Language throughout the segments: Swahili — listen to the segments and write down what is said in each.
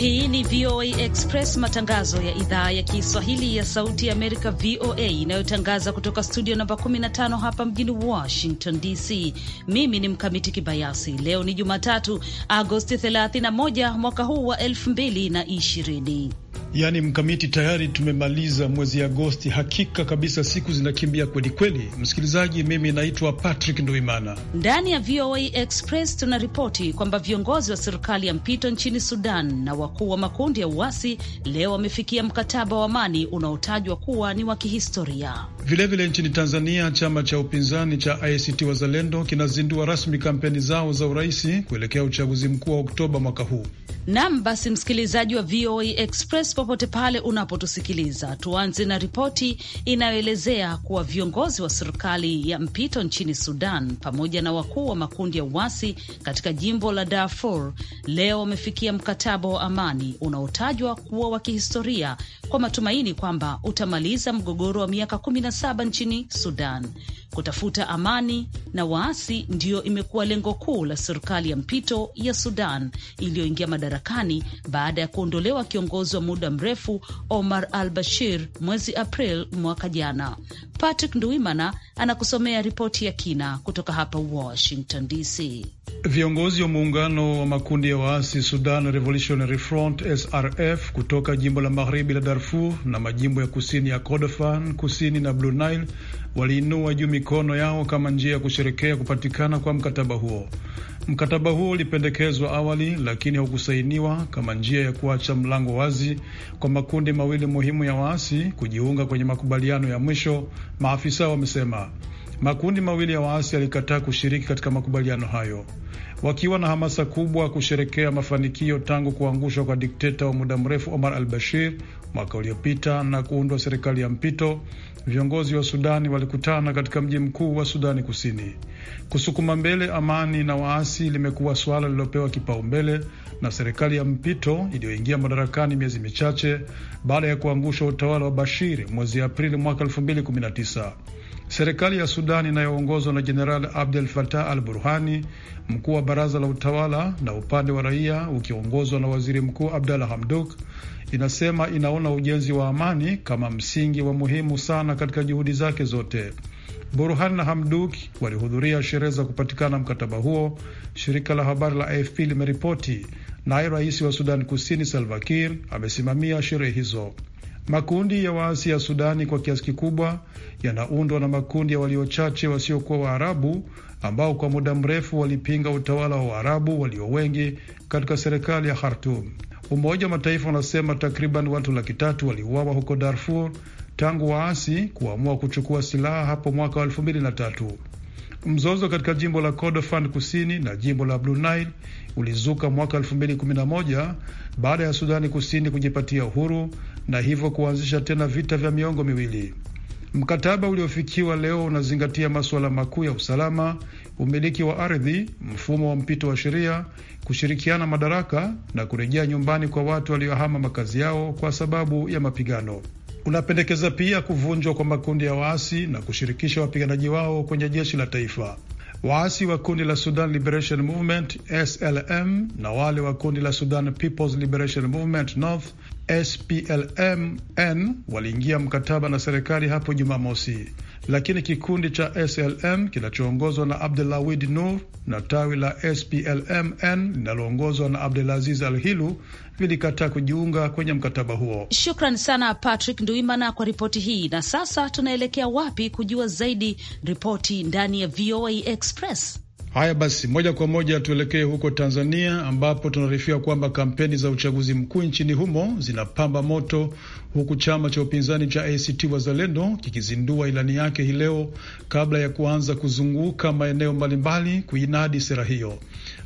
Hii ni VOA Express, matangazo ya idhaa ya Kiswahili ya Sauti ya Amerika, VOA, inayotangaza kutoka studio namba 15 hapa mjini Washington DC. Mimi ni Mkamiti Kibayasi. Leo ni Jumatatu, Agosti 31 mwaka huu wa 2020. Yaani mkamiti tayari tumemaliza mwezi Agosti. Hakika kabisa, siku zinakimbia kweli kweli. Msikilizaji, mimi naitwa Patrick Nduimana. Ndani ya VOA Express tunaripoti kwamba viongozi wa serikali ya mpito nchini Sudan na wakuu wa makundi ya uasi leo wamefikia mkataba wa amani unaotajwa kuwa ni wa kihistoria. Vilevile nchini Tanzania, chama cha upinzani cha ACT Wazalendo kinazindua rasmi kampeni zao za uraisi kuelekea uchaguzi mkuu wa Oktoba mwaka huu. Nam basi, msikilizaji wa VOA Express popote pale unapotusikiliza. Tuanze na ripoti inayoelezea kuwa viongozi wa serikali ya mpito nchini Sudan pamoja na wakuu wa makundi ya uasi katika jimbo la Darfur leo wamefikia mkataba wa amani unaotajwa kuwa wa kihistoria kwa matumaini kwamba utamaliza mgogoro wa miaka 17 nchini Sudan kutafuta amani na waasi ndiyo imekuwa lengo kuu la serikali ya mpito ya Sudan iliyoingia madarakani baada ya kuondolewa kiongozi wa muda mrefu Omar al Bashir mwezi April mwaka jana. Patrick Nduimana anakusomea ripoti ya kina kutoka hapa Washington DC. Viongozi wa muungano wa makundi ya waasi Sudan Revolutionary Front SRF kutoka jimbo la magharibi la Darfur na majimbo ya kusini ya Kordofan kusini na Blue Nile waliinua juu mikono yao kama njia ya kusherekea kupatikana kwa mkataba huo. Mkataba huo ulipendekezwa awali lakini haukusainiwa kama njia ya kuacha mlango wazi kwa makundi mawili muhimu ya waasi kujiunga kwenye makubaliano ya mwisho, maafisa wamesema. Makundi mawili ya waasi yalikataa kushiriki katika makubaliano hayo, wakiwa na hamasa kubwa kusherekea mafanikio tangu kuangushwa kwa dikteta wa muda mrefu Omar al Bashir mwaka uliopita na kuundwa serikali ya mpito. Viongozi wa Sudani walikutana katika mji mkuu wa Sudani Kusini. Kusukuma mbele amani na waasi limekuwa suala lililopewa kipaumbele na serikali ya mpito iliyoingia madarakani miezi michache baada ya kuangusha utawala wa Bashir mwezi Aprili mwaka 2019. Serikali ya Sudan inayoongozwa na Jenerali Abdel Fattah al Burhani, mkuu wa baraza la utawala, na upande wa raia ukiongozwa na waziri mkuu Abdalla Hamdok, inasema inaona ujenzi wa amani kama msingi wa muhimu sana katika juhudi zake zote. Burhan na Hamduk walihudhuria sherehe za kupatikana mkataba huo, shirika la habari la AFP limeripoti. Naye rais wa Sudan Kusini Salva Kiir amesimamia sherehe hizo. Makundi ya waasi ya Sudani kwa kiasi kikubwa yanaundwa na makundi ya waliochache wasiokuwa Waarabu ambao kwa muda mrefu walipinga utawala wa Waarabu walio wengi katika serikali ya Khartum. Umoja wa Mataifa unasema takriban watu laki tatu waliuawa huko Darfur tangu waasi kuamua kuchukua silaha hapo mwaka wa elfu mbili na tatu. Mzozo katika jimbo la Kordofan kusini na jimbo la Blue Nile ulizuka mwaka moja baada ya Sudani kusini kujipatia uhuru na hivyo kuanzisha tena vita vya miongo miwili. Mkataba uliofikiwa leo unazingatia masuala makuu ya usalama, umiliki wa ardhi, mfumo wa mpito wa sheria, kushirikiana madaraka na kurejea nyumbani kwa watu waliohama makazi yao kwa sababu ya mapigano. Unapendekeza pia kuvunjwa kwa makundi ya waasi na kushirikisha wapiganaji wao kwenye jeshi la taifa. Waasi wa kundi la Sudan Liberation Movement SLM na wale wa kundi la Sudan People's Liberation Movement North SPLMN waliingia mkataba na serikali hapo Jumamosi, lakini kikundi cha SLM kinachoongozwa na Abdelawid Nur na tawi la SPLMN linaloongozwa na Abdelaziz Al Hilu vilikataa kujiunga kwenye mkataba huo. Shukran sana Patrick Nduimana kwa ripoti hii. Na sasa tunaelekea wapi kujua zaidi? Ripoti ndani ya VOA Express. Haya basi, moja kwa moja tuelekee huko Tanzania ambapo tunaarifiwa kwamba kampeni za uchaguzi mkuu nchini humo zinapamba moto huku chama cha upinzani cha ACT Wazalendo kikizindua ilani yake hii leo kabla ya kuanza kuzunguka maeneo mbalimbali kuinadi sera hiyo.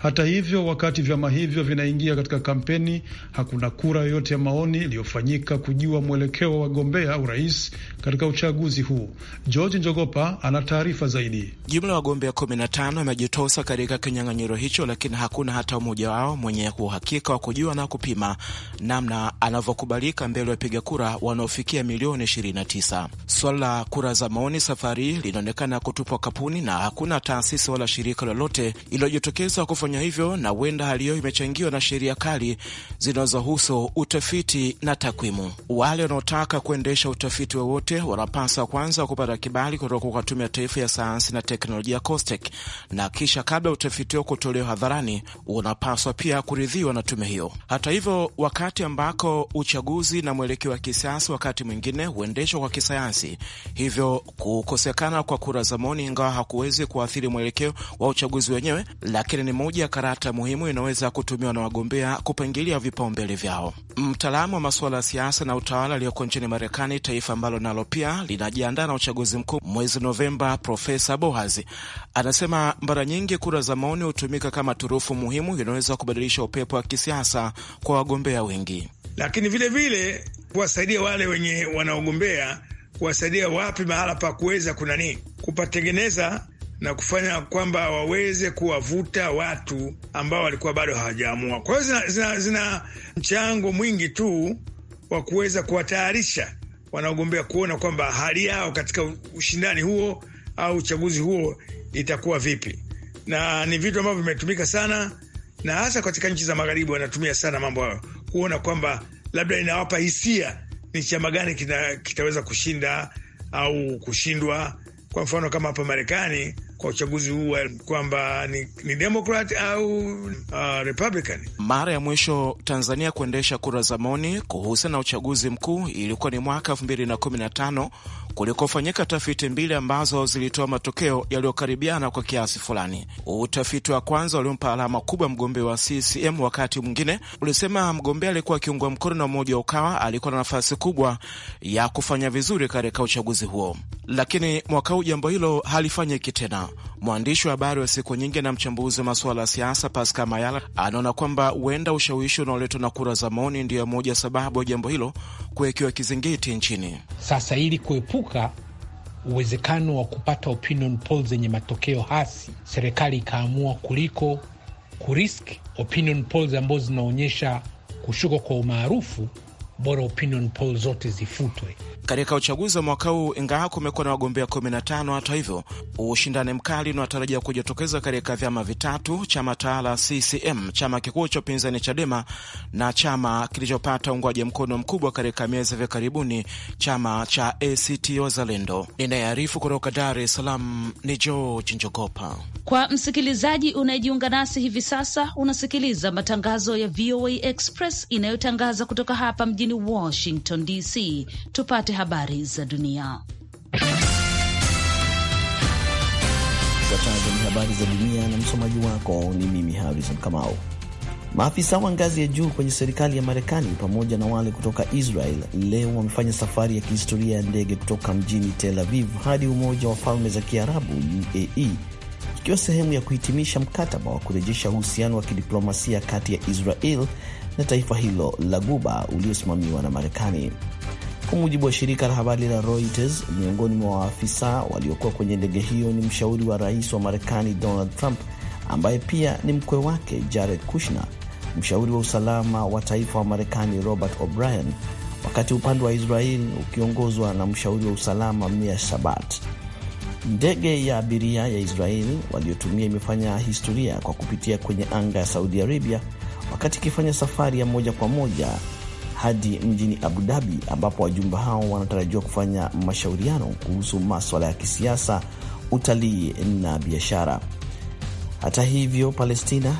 Hata hivyo, wakati vyama hivyo vinaingia katika kampeni, hakuna kura yoyote ya maoni iliyofanyika kujua mwelekeo wa wagombea urais katika uchaguzi huu. George Njogopa ana taarifa zaidi. Jumla ya wagombea 15 wamejitosa katika kinyang'anyiro hicho, lakini hakuna hata mmoja wao mwenye uhakika wa kujua na kupima namna anavyokubalika mbele ya wapiga kura wanaofikia milioni 29. Swala la kura za maoni safari linaonekana kutupwa kapuni na hakuna taasisi wala shirika lolote iliyojitokeza kufanya kufanya hivyo, na huenda hali hiyo imechangiwa na sheria kali zinazohusu utafiti na takwimu. Wale wanaotaka kuendesha utafiti wowote wa wanapaswa kwanza kupata kibali kutoka kwa Tume ya Taifa ya Sayansi na Teknolojia COSTECH, na kisha kabla ya utafiti huo kutolewa hadharani unapaswa pia kuridhiwa na tume hiyo. Hata hivyo, wakati ambako uchaguzi na mwelekeo wa kisiasa wakati mwingine huendeshwa kwa kisayansi, hivyo kukosekana kwa kura za maoni, ingawa hakuwezi kuathiri mwelekeo wa uchaguzi wenyewe, lakini ni moja moja ya karata muhimu inaweza kutumiwa na wagombea kupangilia vipaumbele vyao. Mtaalamu wa masuala ya siasa na utawala aliyoko nchini Marekani, taifa ambalo nalo pia linajiandaa na uchaguzi mkuu mwezi Novemba, Profesa bohazi anasema mara nyingi kura za maoni hutumika kama turufu muhimu inaweza kubadilisha upepo wa kisiasa kwa wagombea wengi, lakini vilevile kuwasaidia wale wenye wanaogombea kuwasaidia wapi mahala pa kuweza kunanii kupatengeneza na kufanya kwamba waweze kuwavuta watu ambao walikuwa bado hawajaamua. Kwa hiyo zina, zina, zina mchango mwingi tu wa kuweza kuwatayarisha wanaogombea kuona kwamba hali yao katika ushindani huo au uchaguzi huo itakuwa vipi, na ni vitu ambavyo vimetumika sana, na hasa katika nchi za magharibi wanatumia sana mambo hayo kuona kwamba labda inawapa hisia ni chama gani kita, kitaweza kushinda au kushindwa kwa mfano kama hapa Marekani kwa uchaguzi huu kwamba ni, ni Democrat au uh, Republican. Mara ya mwisho Tanzania kuendesha kura za maoni kuhusiana na uchaguzi mkuu ilikuwa ni mwaka tano kulikofanyika tafiti mbili ambazo zilitoa matokeo yaliyokaribiana kwa kiasi fulani. Utafiti wa kwanza ulimpa alama kubwa mgombea wa CCM, wakati mwingine ulisema mgombea alikuwa akiungwa mkono na umoja wa Ukawa alikuwa na nafasi kubwa ya kufanya vizuri katika uchaguzi huo, lakini mwaka huu jambo hilo halifanyiki tena. Mwandishi wa habari wa siku nyingi na mchambuzi wa masuala ya siasa Pascal Mayala anaona kwamba huenda ushawishi unaoletwa na kura za maoni ndiyo moja sababu ya jambo hilo kuwekiwa kizingiti nchini sasa ili kuepuka kuepuka uwezekano wa kupata opinion zenye matokeo hasi, serikali ikaamua kuliko kurisk opinion polls ambazo zinaonyesha kushuka kwa umaarufu, bora opinion zote zifutwe katika uchaguzi wa mwaka huu. Ingawa kumekuwa na wagombea 15, hata hivyo ushindani mkali unaotarajia kujitokeza katika vyama vitatu: chama tawala CCM, chama kikuu cha upinzani Chadema na chama kilichopata uungwaji mkono mkubwa katika miezi vya karibuni, chama cha ACT Wazalendo. Ninayearifu kutoka Dar es Salaam ni George Njogopa. Kwa msikilizaji unayejiunga nasi hivi sasa, unasikiliza matangazo ya VOA Express inayotangaza kutoka hapa mjini Washington DC. Tupate habari za dunia. Zifuatazo ni habari za dunia na msomaji wako ni mimi Harrison Kamau. Maafisa wa ngazi ya juu kwenye serikali ya Marekani pamoja na wale kutoka Israel leo wamefanya safari ya kihistoria ya ndege kutoka mjini Tel Aviv hadi Umoja wa Falme za Kiarabu UAE, ikiwa sehemu ya kuhitimisha mkataba wa kurejesha uhusiano wa kidiplomasia kati ya Israel na taifa hilo la Guba uliosimamiwa na Marekani. Kwa mujibu wa shirika la habari la Reuters, miongoni mwa waafisa waliokuwa kwenye ndege hiyo ni mshauri wa rais wa Marekani Donald Trump ambaye pia ni mkwe wake Jared Kushner, mshauri wa usalama wa taifa wa Marekani Robert O'Brien, wakati upande wa Israel ukiongozwa na mshauri wa usalama Mia shabat Ndege ya abiria ya Israel waliotumia imefanya historia kwa kupitia kwenye anga ya Saudi Arabia wakati ikifanya safari ya moja kwa moja hadi mjini Abu Dhabi ambapo wajumbe hao wanatarajiwa kufanya mashauriano kuhusu maswala ya kisiasa, utalii na biashara. Hata hivyo, Palestina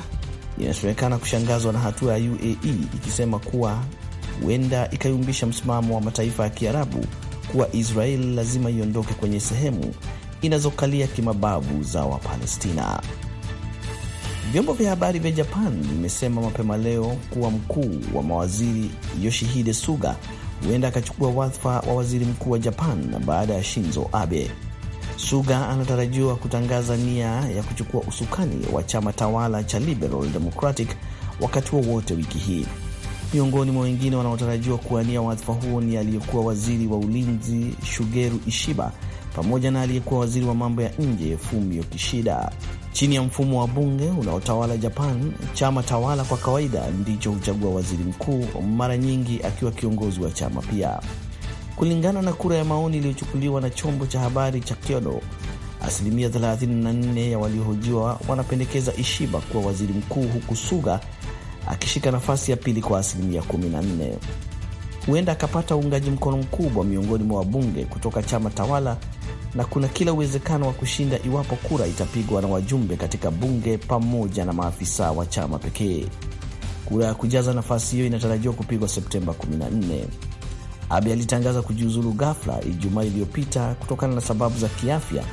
inasemekana kushangazwa na hatua ya UAE ikisema kuwa huenda ikayumbisha msimamo wa mataifa ya Kiarabu kuwa Israel lazima iondoke kwenye sehemu inazokalia kimabavu za Wapalestina. Vyombo vya habari vya Japan vimesema mapema leo kuwa mkuu wa mawaziri Yoshihide Suga huenda akachukua wadhifa wa waziri mkuu wa Japan baada ya Shinzo Abe. Suga anatarajiwa kutangaza nia ya kuchukua usukani wa chama tawala cha Liberal Democratic wakati wowote wa wiki hii. Miongoni mwa wengine wanaotarajiwa kuwania wadhifa huo ni aliyekuwa waziri wa ulinzi Shugeru Ishiba pamoja na aliyekuwa waziri wa mambo ya nje Fumio Kishida. Chini ya mfumo wa bunge unaotawala Japan, chama tawala kwa kawaida ndicho huchagua waziri mkuu, mara nyingi akiwa kiongozi wa chama pia. Kulingana na kura ya maoni iliyochukuliwa na chombo cha habari cha Kyodo, asilimia 34 ya waliohojiwa wanapendekeza Ishiba kuwa waziri mkuu, huku Suga akishika nafasi ya pili kwa asilimia 14 huenda akapata uungaji mkono mkubwa miongoni mwa wabunge kutoka chama tawala na kuna kila uwezekano wa kushinda iwapo kura itapigwa na wajumbe katika bunge pamoja na maafisa wa chama pekee. Kura ya kujaza nafasi hiyo inatarajiwa kupigwa Septemba 14. Abe alitangaza kujiuzulu ghafla Ijumaa iliyopita kutokana na sababu za kiafya,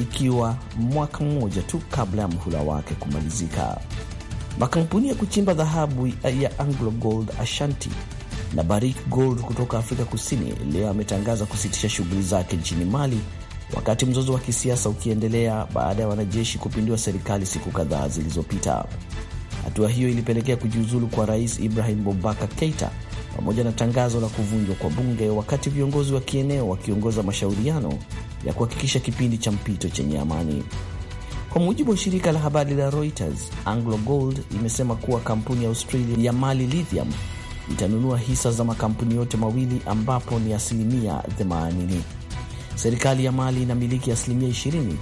ikiwa mwaka mmoja tu kabla ya mhula wake kumalizika. Makampuni ya kuchimba dhahabu ya AngloGold Ashanti na Barrick Gold kutoka Afrika Kusini leo ametangaza kusitisha shughuli zake nchini Mali, wakati mzozo wa kisiasa ukiendelea baada ya wanajeshi kupindua serikali siku kadhaa zilizopita. Hatua hiyo ilipelekea kujiuzulu kwa Rais Ibrahim bobakar Keita pamoja na tangazo la kuvunjwa kwa bunge, wakati viongozi wa kieneo wakiongoza mashauriano ya kuhakikisha kipindi cha mpito chenye amani. Kwa mujibu wa shirika la habari la Reuters, Anglo Gold imesema kuwa kampuni ya Australia ya Mali Lithium itanunua hisa za makampuni yote mawili ambapo ni asilimia 80. Serikali ya Mali inamiliki asilimia 20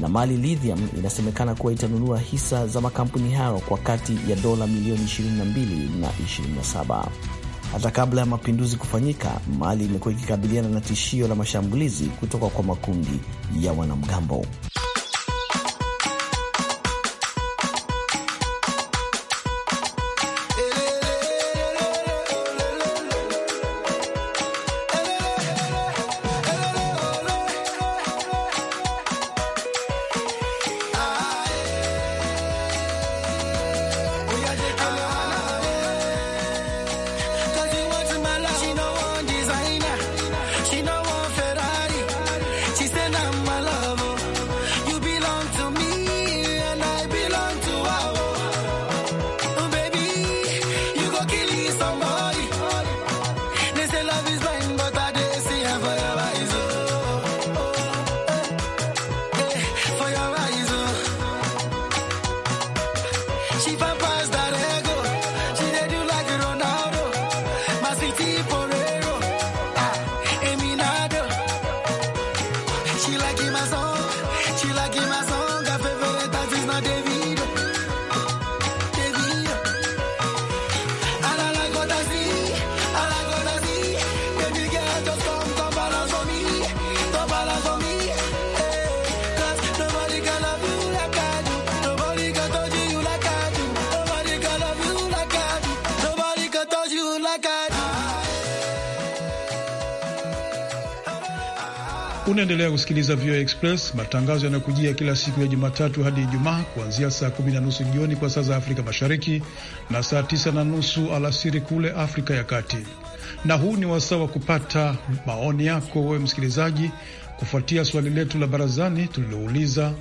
na Mali Lithium inasemekana kuwa itanunua hisa za makampuni hayo kwa kati ya dola milioni 22 na 27. Hata kabla ya mapinduzi kufanyika, Mali imekuwa ikikabiliana na tishio la mashambulizi kutoka kwa makundi ya wanamgambo. Unaendelea kusikiliza VOA Express, matangazo yanayokujia kila siku ya Jumatatu hadi Ijumaa kuanzia saa kumi na nusu jioni kwa saa za Afrika Mashariki na saa tisa na nusu alasiri kule Afrika ya Kati. Na huu ni wasaa wa kupata maoni yako wewe msikilizaji, kufuatia swali letu la barazani tulilouliza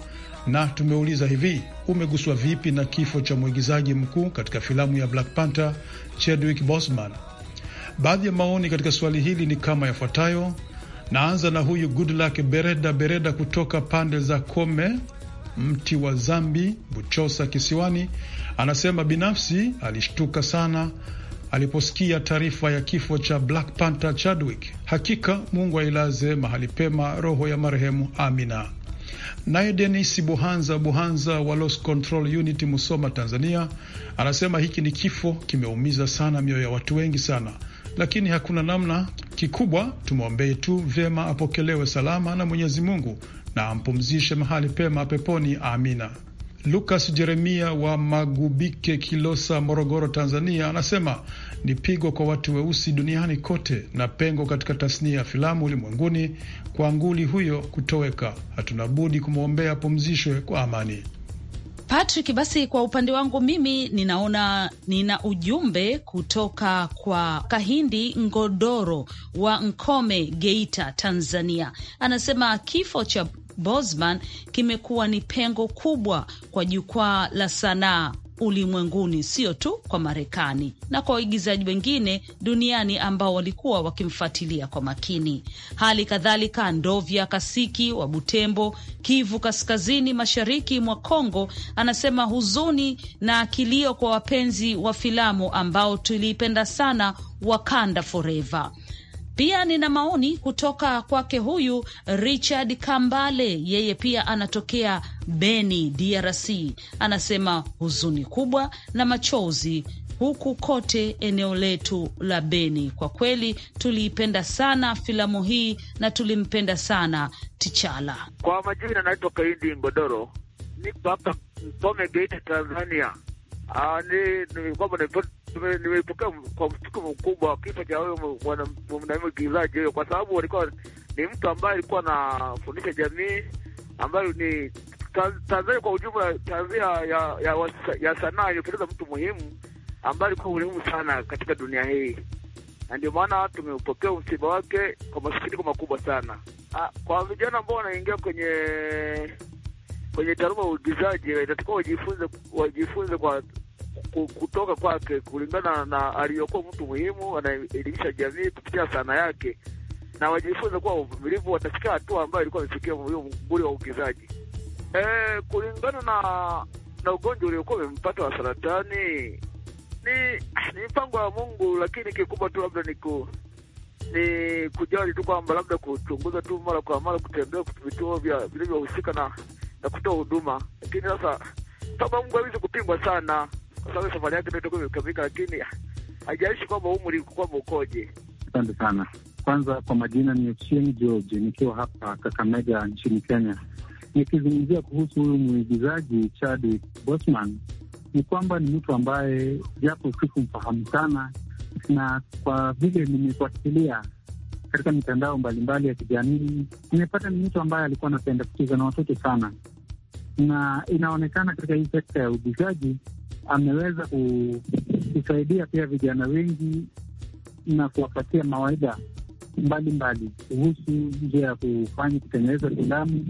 na tumeuliza hivi: umeguswa vipi na kifo cha mwigizaji mkuu katika filamu ya Black Panther Chadwick Boseman? Baadhi ya maoni katika swali hili ni kama yafuatayo. Naanza na huyu Goodluck Bereda Bereda kutoka pande za Kome mti wa Zambi, Buchosa kisiwani, anasema binafsi alishtuka sana aliposikia taarifa ya kifo cha Black Panther Chadwick. Hakika Mungu ailaze mahali pema roho ya marehemu Amina. Naye Denis Buhanza Buhanza wa Los Control Unit, Musoma, Tanzania, anasema hiki ni kifo kimeumiza sana mioyo ya watu wengi sana, lakini hakuna namna, Kikubwa tumwombee tu vyema, apokelewe salama na Mwenyezi Mungu na ampumzishe mahali pema peponi, amina. Lukas Jeremia wa Magubike, Kilosa, Morogoro, Tanzania, anasema ni pigo kwa watu weusi duniani kote na pengo katika tasnia ya filamu ulimwenguni kwa nguli huyo kutoweka. Hatuna budi kumwombea pumzishwe kwa amani. Patrick, basi kwa upande wangu mimi ninaona nina ujumbe kutoka kwa Kahindi Ngodoro wa Nkome, Geita, Tanzania. Anasema kifo cha Bosman kimekuwa ni pengo kubwa kwa jukwaa la sanaa ulimwenguni, sio tu kwa Marekani na kwa waigizaji wengine duniani ambao walikuwa wakimfuatilia kwa makini. Hali kadhalika Ndovya Kasiki wa Butembo, Kivu Kaskazini, mashariki mwa Kongo, anasema huzuni na kilio kwa wapenzi wa filamu ambao tuliipenda sana Wakanda Forever. Pia nina maoni kutoka kwake huyu Richard Kambale, yeye pia anatokea Beni, DRC. Anasema huzuni kubwa na machozi huku kote eneo letu la Beni. Kwa kweli tuliipenda sana filamu hii na tulimpenda sana Tichala. Kwa majina anaitwa Kaindi Ngodoro, niko hapa Geita, Tanzania. Ah, ni kwamba nimeipokea kwa mshtuko mkubwa kifo cha huyo mwigizaji huyo, kwa sababu alikuwa ni mtu ambaye alikuwa anafundisha jamii ambayo ni Tanzania kwa ujumla, tanzia ya, ya, ya sanaa ilipoteza mtu muhimu ambaye alikuwa muhimu sana katika dunia hii, na ndio maana tumepokea msiba wake kwa masikitiko makubwa sana. Ha, ah, kwa vijana ambao wanaingia kwenye kwenye taaluma ya uigizaji inatakiwa wajifunze, wajifunze kwa kutoka kwake kulingana na aliyokuwa mtu muhimu, anaelimisha jamii kupitia sana yake, na wajifunze kuwa wavumilivu, watafikia hatua ambayo ilikuwa huyo mguri wa ugizaji. E, kulingana na na ugonjwa uliokuwa umempata wa saratani ni ni mpango wa Mungu, lakini kikubwa tu labda ni ku, ni kujali tu kwamba labda kuchunguza tu mara kwa mara, kutembea vituo vya vilivyohusika na na kutoa huduma, lakini sasa kama Mungu hawezi kupingwa sana kwa sababu safari yake ndio imekamilika, lakini haijaishi kwamba umri kwamba ukoje. Asante sana. Kwanza kwa majina ni Ochieng George, nikiwa hapa Kakamega nchini Kenya. Nikizungumzia kuhusu huyu mwigizaji Chadwick Boseman, ni kwamba ni mtu ambaye japo sikumfahamu sana, na kwa vile nimefuatilia katika mitandao mbalimbali ya kijamii, nimepata ni mtu ambaye alikuwa anapenda kucheza na watoto sana, na inaonekana katika hii sekta ya uigizaji ameweza kusaidia pia vijana wengi na kuwapatia mawaidha mbalimbali kuhusu njia ya kufanya kutengeneza filamu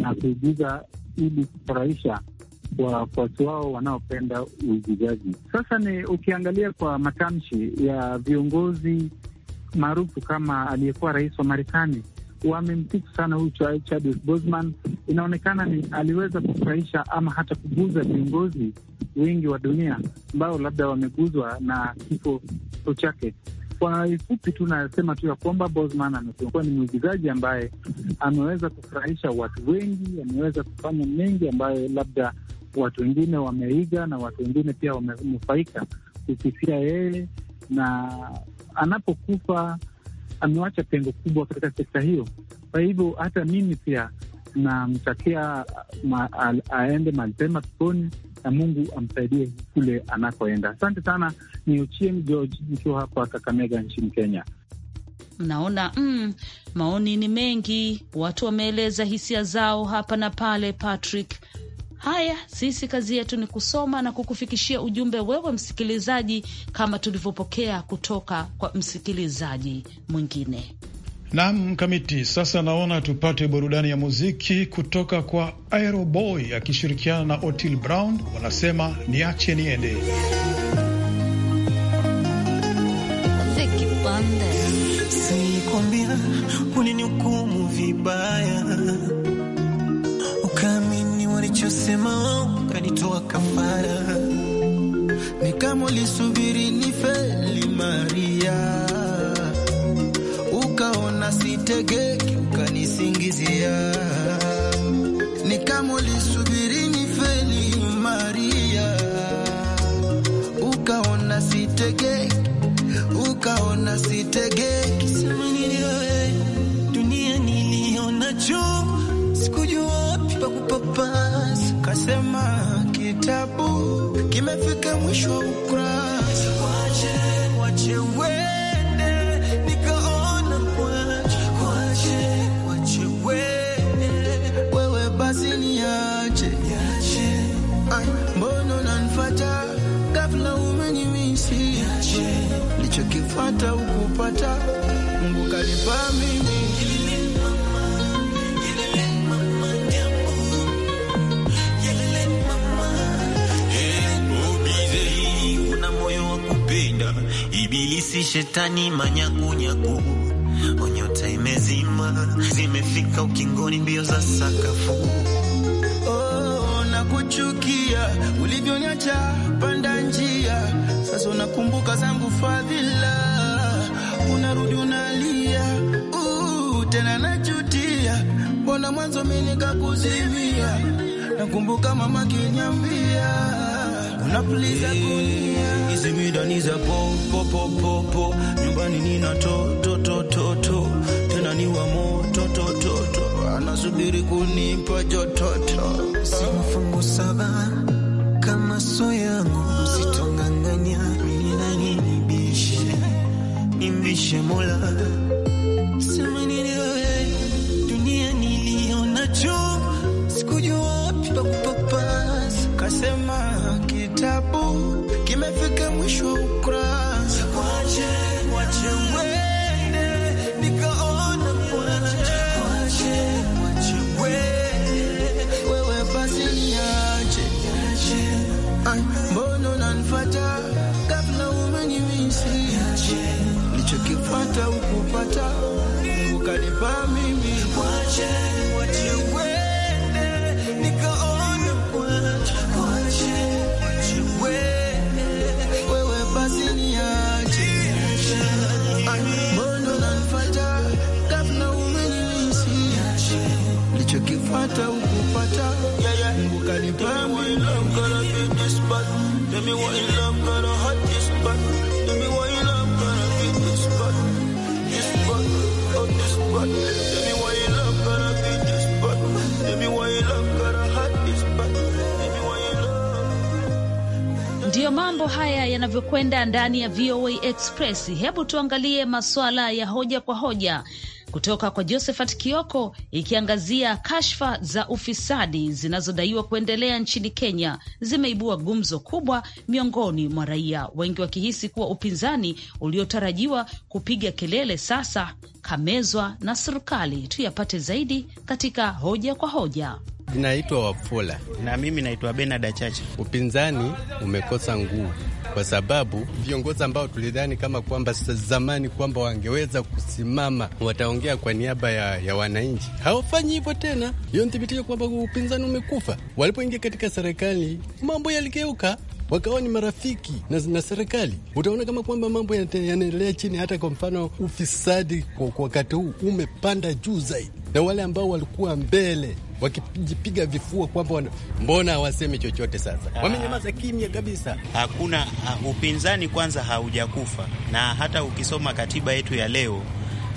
na kuigiza ili kufurahisha wafuasi wao wanaopenda uigizaji. Sasa ni ukiangalia kwa matamshi ya viongozi maarufu kama aliyekuwa rais wa Marekani wamemtiku sana huyu Chadwick Boseman. Inaonekana ni aliweza kufurahisha ama hata kuguza viongozi wengi wa dunia ambao labda wameguzwa na kifo chake. Kwa ifupi tu nasema tu ya kwamba Boseman amekuwa ni mwigizaji ambaye ameweza kufurahisha watu wengi, ameweza kufanya mengi ambayo labda watu wengine wameiga na watu wengine pia wamenufaika kusifia yeye, na anapokufa amewacha pengo kubwa katika sekta hiyo. Kwa hivyo hata mimi pia namtakia uh, ma, aende mahali pema peponi na Mungu amsaidie kule anakoenda. Asante sana, ni Ochieng George nikiwa hapa Kakamega nchini Kenya. Naona mm, maoni ni mengi, watu wameeleza hisia zao hapa na pale. Patrick, Haya, sisi kazi yetu ni kusoma na kukufikishia ujumbe wewe msikilizaji, kama tulivyopokea kutoka kwa msikilizaji mwingine. Nam Mkamiti, sasa naona tupate burudani ya muziki kutoka kwa Aeroboy akishirikiana na Otil Brown, wanasema niache niende sikwambia uninihukumu vibaya ulichosema kanitoa kafara, ni kama ulisubiri ni feli Maria, ukaona sitegeki, ukanisingizia ni kama ulisubiri ni feli Maria, ukaona sitegeki, ukaona sitegeki, dunia niliona cho sikujua papas kasema kitabu kimefika mwisho wa ukurasa, wache wache wende, nikaona wache wache wende, wewe basi niache, mbona unanifata ghafla, umenimisi, nilichokifata ukupata, Mungu kanipa mimi shetani nyaku, nyota imezima, zimefika ukingoni mbio za sakafu. Oh, nakuchukia ulivyoniacha panda njia, sasa unakumbuka zangu fadhila, unarudi unalia, uh, tena najutia, mbona mwanzo mimi nikakuzivia, nakumbuka mama kinyambia hizi midani za popopopopo nyumbani nina tototototo tena ni wa mototototo anasubiri kunipa jototo simfungu saba kama so yangu sitonganganya minanini bishe nimbishe mola semanini haya yanavyokwenda ndani ya VOA Express, hebu tuangalie masuala ya hoja kwa hoja kutoka kwa Josephat Kioko ikiangazia kashfa za ufisadi zinazodaiwa kuendelea nchini Kenya zimeibua gumzo kubwa miongoni mwa raia, wengi wakihisi kuwa upinzani uliotarajiwa kupiga kelele sasa kamezwa na serikali. Tuyapate zaidi katika hoja kwa hoja. Inaitwa Wafula na mimi naitwa Benada Chacha. Upinzani umekosa nguvu kwa sababu viongozi ambao tulidhani kama kwamba zamani kwamba wangeweza kusimama wataongea kwa niaba ya, ya wananchi hawafanyi hivyo tena. Hiyo ni kwamba upinzani umekufa. Walipoingia katika serikali mambo yaligeuka wakawa ni marafiki na, na serikali, utaona kama kwamba mambo yanaendelea chini. Hata kwa mfano ufisadi kwa wakati huu umepanda juu zaidi, na wale ambao walikuwa mbele wakijipiga vifua kwamba mbona hawasemi chochote, sasa ah. wamenyamaza kimya kabisa. Hakuna uh, upinzani kwanza haujakufa, na hata ukisoma katiba yetu ya leo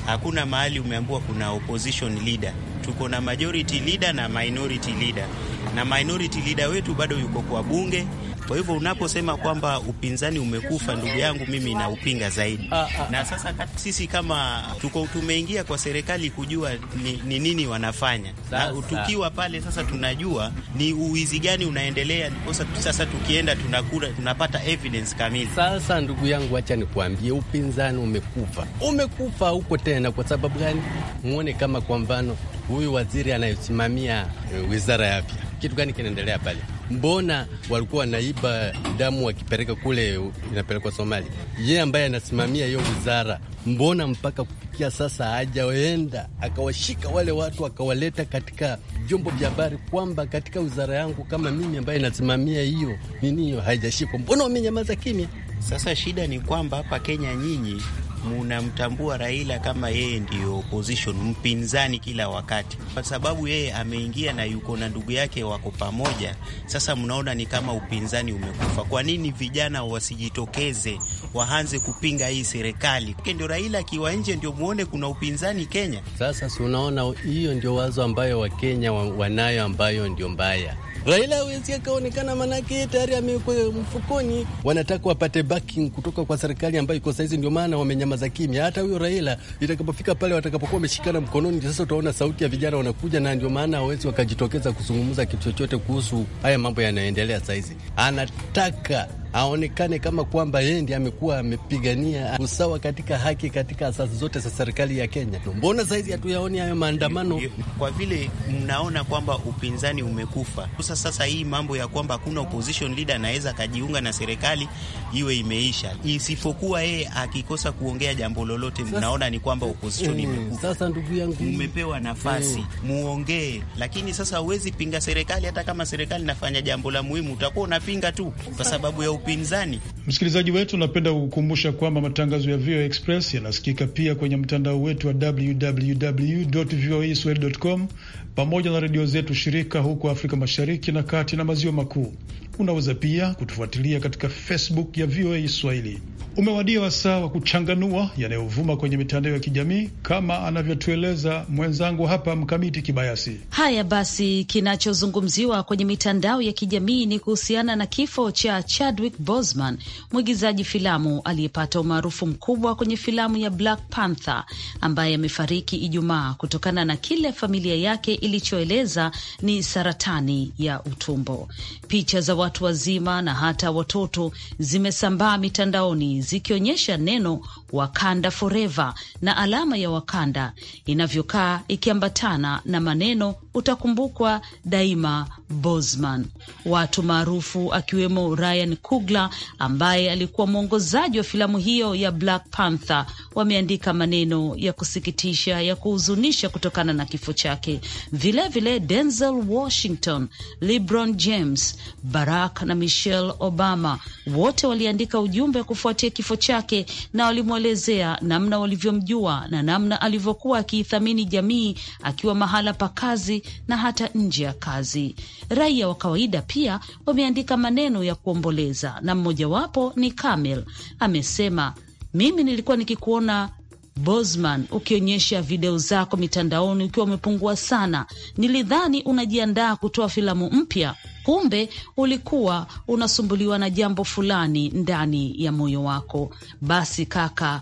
hakuna mahali umeambua kuna opposition leader. Tuko na majority leader na minority leader, na minority leader wetu bado yuko kwa bunge kwa hivyo unaposema kwamba upinzani umekufa, ndugu yangu, mimi naupinga zaidi. Ah, ah. na sasa sisi kama tuko tumeingia kwa serikali kujua ni, ni nini wanafanya na tukiwa pale sasa tunajua ni uwizi gani unaendelea, ndiposa sasa tukienda tunakula tunapata evidence kamili. Sasa ndugu yangu, acha nikuambie, upinzani umekufa, umekufa huko tena. Kwa sababu gani? Muone kama kwa mfano huyu waziri anayesimamia eh, wizara ya afya kitu gani kinaendelea pale? Mbona walikuwa wanaiba damu wakipeleka kule, inapelekwa Somalia? ye ambaye anasimamia hiyo wizara, mbona mpaka kufikia sasa hajaenda akawashika wale watu akawaleta katika vyombo vya habari kwamba katika wizara yangu kama mimi ambaye nasimamia hiyo nini hiyo haijashikwa? Mbona wamenyamaza kimya? Sasa shida ni kwamba hapa Kenya nyinyi munamtambua Raila kama yeye ndiyo opposition, mpinzani kila wakati, kwa sababu yeye ameingia na yuko na ndugu yake wako pamoja. Sasa mnaona ni kama upinzani umekufa. Kwa nini vijana wasijitokeze waanze kupinga hii serikali? Ndio Raila akiwa nje ndio muone kuna upinzani Kenya. Sasa si unaona, hiyo ndio wazo ambayo Wakenya wanayo ambayo ndio mbaya Raila hawezi akaonekana, maanake tayari amewekwa mfukoni. Wanataka wapate backing kutoka kwa serikali ambayo iko sahizi, ndio maana wamenyamaza kimya. Hata huyo Raila itakapofika pale watakapokuwa wameshikana mkononi, sasa utaona sauti ya vijana wanakuja, na ndio maana wawezi wakajitokeza kuzungumza kitu chochote kuhusu haya mambo yanayoendelea sahizi. Anataka aonekane kama kwamba yeye ndiye amekuwa amepigania usawa katika haki katika asasi zote za serikali ya Kenya. Mbona saizi hatuyaoni hayo maandamano? Kwa vile mnaona kwamba upinzani umekufa sasa. Sasa hii mambo ya kwamba hakuna opposition leader anaweza akajiunga na serikali iwe imeisha, isipokuwa yeye akikosa kuongea jambo lolote, mnaona ni kwamba opposition eh, imekufa. Sasa ndugu yangu, mmepewa nafasi eh. muongee, lakini sasa huwezi pinga serikali. Hata kama serikali nafanya jambo la muhimu, utakuwa unapinga tu kwa sababu ya upinzani. Msikilizaji wetu, napenda kukukumbusha kwamba matangazo ya VOA Express yanasikika pia kwenye mtandao wetu wa www www.voaswahili.com pamoja na redio zetu shirika huko Afrika Mashariki na Kati na Maziwa Makuu. Unaweza pia kutufuatilia katika Facebook ya VOA Swahili. Umewadia wasaa wa kuchanganua yanayovuma kwenye mitandao ya kijamii kama anavyotueleza mwenzangu hapa Mkamiti Kibayasi. Haya basi, kinachozungumziwa kwenye mitandao ya kijamii ni kuhusiana na kifo cha Chadwick Chadwick Boseman, mwigizaji filamu aliyepata umaarufu mkubwa kwenye filamu ya Black Panther, ambaye amefariki Ijumaa kutokana na kile familia yake ilichoeleza ni saratani ya utumbo. Picha za watu wazima na hata watoto zimesambaa mitandaoni zikionyesha neno Wakanda Forever na alama ya Wakanda inavyokaa ikiambatana na maneno utakumbukwa daima Bosman. Watu maarufu akiwemo Ryan Coogler Kugler ambaye alikuwa mwongozaji wa filamu hiyo ya Black Panther wameandika maneno ya kusikitisha ya kuhuzunisha kutokana na kifo chake. Vilevile Denzel Washington, LeBron James, Barack na Michelle Obama wote waliandika ujumbe kufuatia kifo chake, na walimwelezea namna walivyomjua na namna alivyokuwa akiithamini jamii akiwa mahala pa kazi na hata nje ya kazi. Raia wa kawaida pia wameandika maneno ya kuomboleza sita na mmojawapo ni Kamel. Amesema, mimi nilikuwa nikikuona Bosman ukionyesha video zako mitandaoni ukiwa umepungua sana, nilidhani unajiandaa kutoa filamu mpya kumbe ulikuwa unasumbuliwa na jambo fulani ndani ya moyo wako. Basi kaka,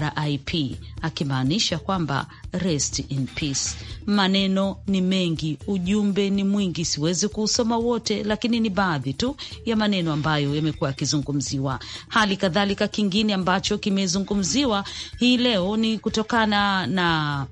RIP akimaanisha kwamba rest in peace. Maneno ni mengi, ujumbe ni mwingi, siwezi kuusoma wote, lakini ni baadhi tu ya maneno ambayo yamekuwa yakizungumziwa. Hali kadhalika, kingine ambacho kimezungumziwa hii leo ni kutokana na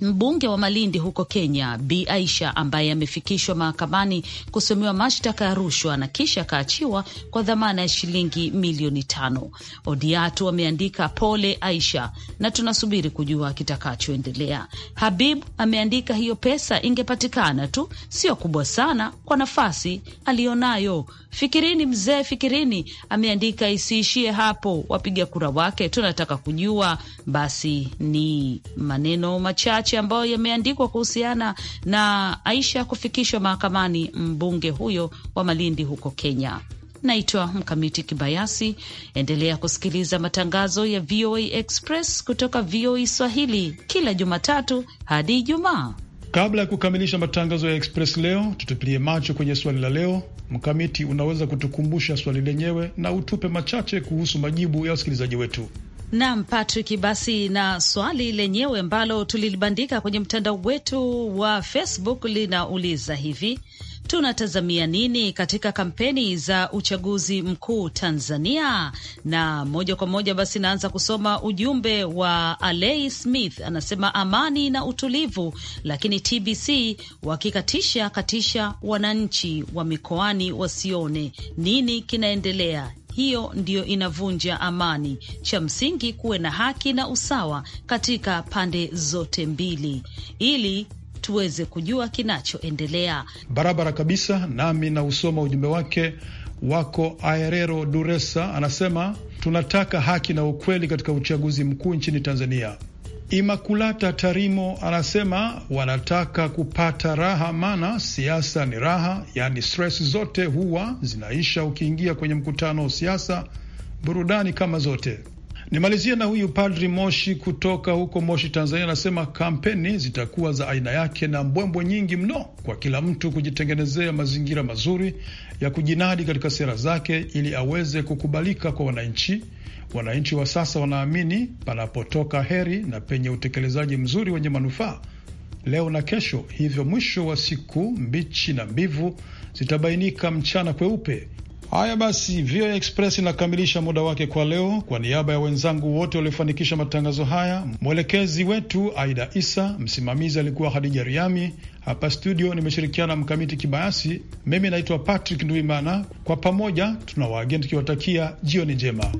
Mbunge wa Malindi huko Kenya, Bi Aisha, ambaye amefikishwa mahakamani kusomewa mashtaka ya rushwa na kisha akaachiwa kwa dhamana ya shilingi milioni tano. Odiatu ameandika pole Aisha, na tunasubiri kujua kitakachoendelea. Habib ameandika hiyo pesa ingepatikana tu, sio kubwa sana kwa nafasi aliyonayo Fikirini mzee, fikirini, ameandika isiishie hapo. Wapiga kura wake tunataka kujua. Basi ni maneno machache ambayo yameandikwa kuhusiana na Aisha kufikishwa mahakamani, mbunge huyo wa Malindi huko Kenya. Naitwa Mkamiti Kibayasi. Endelea kusikiliza matangazo ya VOA Express kutoka VOA Swahili kila Jumatatu hadi Ijumaa. Kabla ya kukamilisha matangazo ya Express leo, tutupilie macho kwenye swali la leo. Mkamiti, unaweza kutukumbusha swali lenyewe na utupe machache kuhusu majibu ya wasikilizaji wetu. Naam, Patrick, basi na swali lenyewe ambalo tulilibandika kwenye mtandao wetu wa Facebook linauliza hivi: tunatazamia nini katika kampeni za uchaguzi mkuu Tanzania? Na moja kwa moja basi naanza kusoma ujumbe wa Alei Smith, anasema amani na utulivu, lakini TBC wakikatisha katisha wananchi wa mikoani wasione nini kinaendelea hiyo ndiyo inavunja amani. Cha msingi kuwe na haki na usawa katika pande zote mbili ili tuweze kujua kinachoendelea barabara kabisa. Nami na usoma ujumbe wake wako. Aerero Duresa anasema tunataka haki na ukweli katika uchaguzi mkuu nchini Tanzania. Imakulata Tarimo anasema wanataka kupata raha, maana siasa ni raha, yaani stress zote huwa zinaisha ukiingia kwenye mkutano wa siasa, burudani kama zote. Nimalizia na huyu Padri Moshi kutoka huko Moshi, Tanzania, anasema kampeni zitakuwa za aina yake na mbwembwe nyingi mno, kwa kila mtu kujitengenezea mazingira mazuri ya kujinadi katika sera zake ili aweze kukubalika kwa wananchi. Wananchi wa sasa wanaamini panapotoka heri na penye utekelezaji mzuri wenye manufaa leo na kesho, hivyo mwisho wa siku mbichi na mbivu zitabainika mchana kweupe Haya basi, VOA Express inakamilisha muda wake kwa leo. Kwa niaba ya wenzangu wote waliofanikisha matangazo haya, mwelekezi wetu Aida Isa, msimamizi alikuwa Hadija Riami. Hapa studio nimeshirikiana Mkamiti Kibayasi. Mimi naitwa Patrick Nduimana. Kwa pamoja tuna waageni tukiwatakia jioni njema.